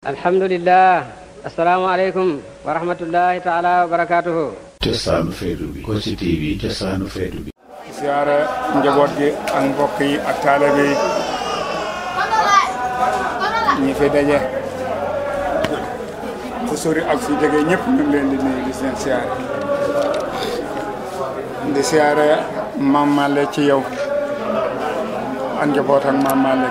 alhamdulilah asalaamaaleykum wa rahmatullahi taala wa barakaatuhu cosaanu feetu bi Kossy njaboot gi ak mbokk yi ñi fi daje fu ak si jege ñëpp ñu ngi leen di nuyu di seen siyaara ci yow ak njaboot ak Mame Malle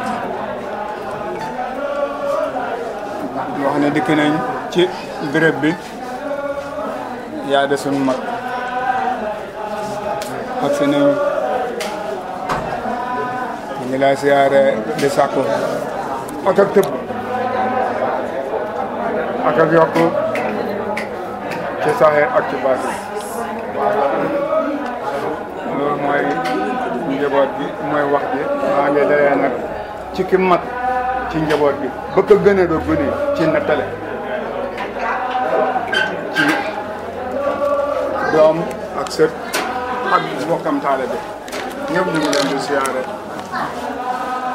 yoo xam ne dikk ci béréb bi yaa de suñu mag ak si nañ ñu ngi laa siyaare di sàkku ak ak tëb ak ak yokk ci saxe ak ci baasi loolu mooy njaboot bi mooy wax bi maa ngi dalee nag ci ki ci njaboot bi ba ko gën a doon gën ci nattale ci doom ak sët ak mbokkam bi ñëpp ñu leen di siyaare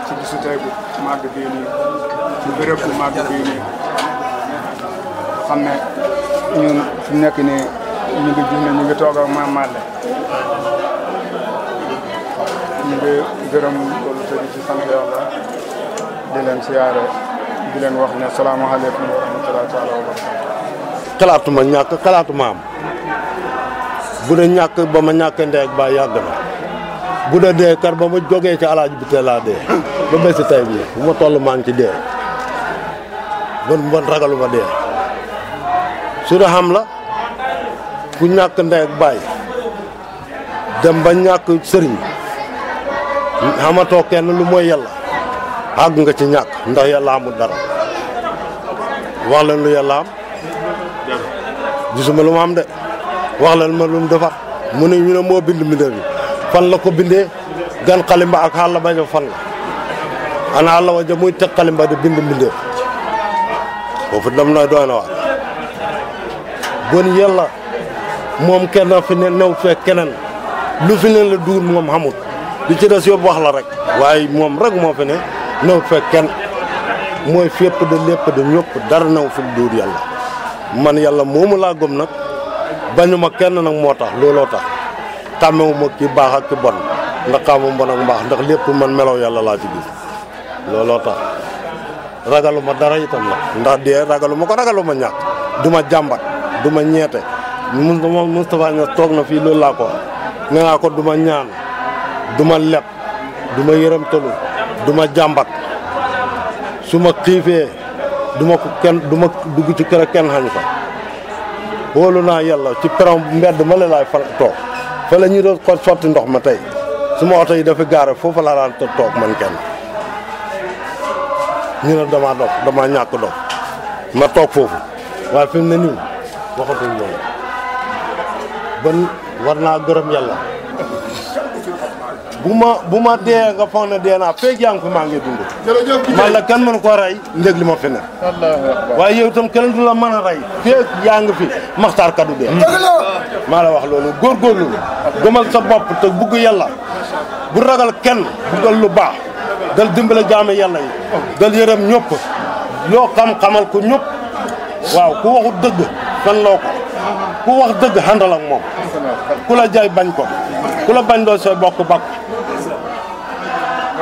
ci bisu tey bu màgg bii ci béréb bu màgg bii nii xam ne fi mu nekk nii ñu ngi junne ñu ngi toog ak Mame Malle ñu ngi gërëm loolu tëdd ci sant yàlla di leen siyaare di leen wax ne salaamaaleykum wa rahmatullahi taala wa barakatu xalaatuma ñàkk xalaatuma am bu dee ñàkk ba ma ñàkk ndeeg ba yàgg na bu dee dee kar ba ma jógee ci alaaji bi teel laa dee ba bési tey bi bu ma toll maa ci dee bon bon xam la ku ñàkk ndeeg bàyyi dem ba sëriñ kenn lu àgg nga ci ñàkk ndax yàlla amul dara wax leen lu yàlla am gisuma lu am de wax leen ma lu mu defar mu ne moo bind mbindéef bi fan la ko bindee gan xalimba ak xàll ba ja fan la ana àll wa ja muy xalimba di bind mbindéef foofu dem na doy na bon yàlla moom kenn fi ne new fekk keneen lu fi ne la duur moom xamul li ci des yóbbu wax rek waaye moom rek moo fi ne no fekk kenn mooy fépp da lépp da ñëpp dara naw fi duur yàlla man yàlla moomu lolo ta, nag bañuma kenn nak tax tax ki bax ak ki bon ndax xamu mo nak bax ndax lepp man melaw yalla la ci gis lolo tax ragaluma dara itam nak ndax de ragaluma ko ragaluma ñak duma jambat duma mustafa mustafa ñu tok na fi lolo la ko nga ko duma ñaan duma lepp duma tolu duma ma jàmbat su ma xiifee duma ko kenn du ma dugg ci kër kenn xañu ko wóolu naa yàlla ci peron mbedd ma la laay fa toog fa la ñuy doon ko ndox ma tey su ma oto yi dafa gaare foofu laa toog man kenn ñu ne damaa dof ñàkk dof ma toog foofu waaye fi mu ne nii waxatuñ loolu bon war naa gërëm yàlla bu ma bu ma dee nga foog ne dee naa feeg yaa fi maa ngi dund. jërëjëf man la kan mën koo rey ndég li ma fi ne. waaye yow kenn du la mën a rey. feeg yaa ngi fi maxtaar kaddu dee. Mm. maa la wax loolu góorgóorlu gëmal sa bopp te bugg yàlla bu ragal kenn buggal lu baax dal dimbale jaame yàlla yi dal yërëm ñëpp loo xam-xamal ko ñëpp waaw ku waxu dëgg fan loo ko ku wax dëgg xandal ak moom ku la jaay bañ ko ku la bañ doo sooy bokk bakk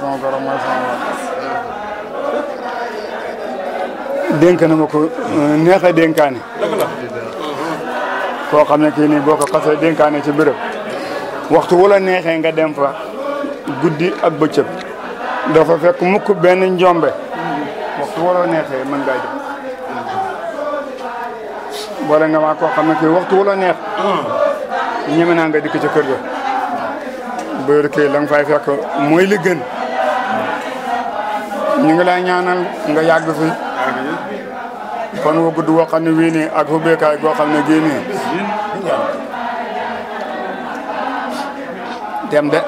sama borom mooy sama borom na ma ko euh, neex a dénkaane koo xam ne kii nii ci béréb waxtu wala neexee nga dem fa guddi ak bëccëg dafa fekk mukk benn njombe waxtu wala neexee dem nga waxtu wala neex ah. nga ci kër ga fay fekk li gën ñu ngi lay ñaanal nga yàgg fi fan wu gudd ne wii nii ak ubbeekaay goo xam ne gii nii dem de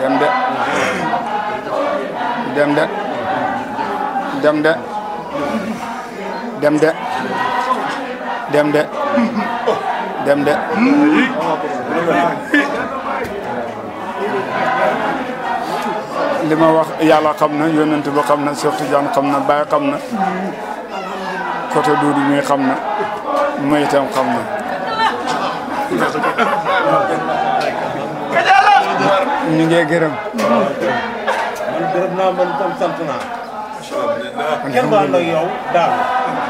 dem de dem de dem de dem de dem de dem de li ma wax yàlla xam na yónnent ba xam na Cheikh Tidiane xam na Baye xam na côté Doudou mi xam na may itam xam na. ñu ngi gërëm. man gërëm naa man tam sant naa.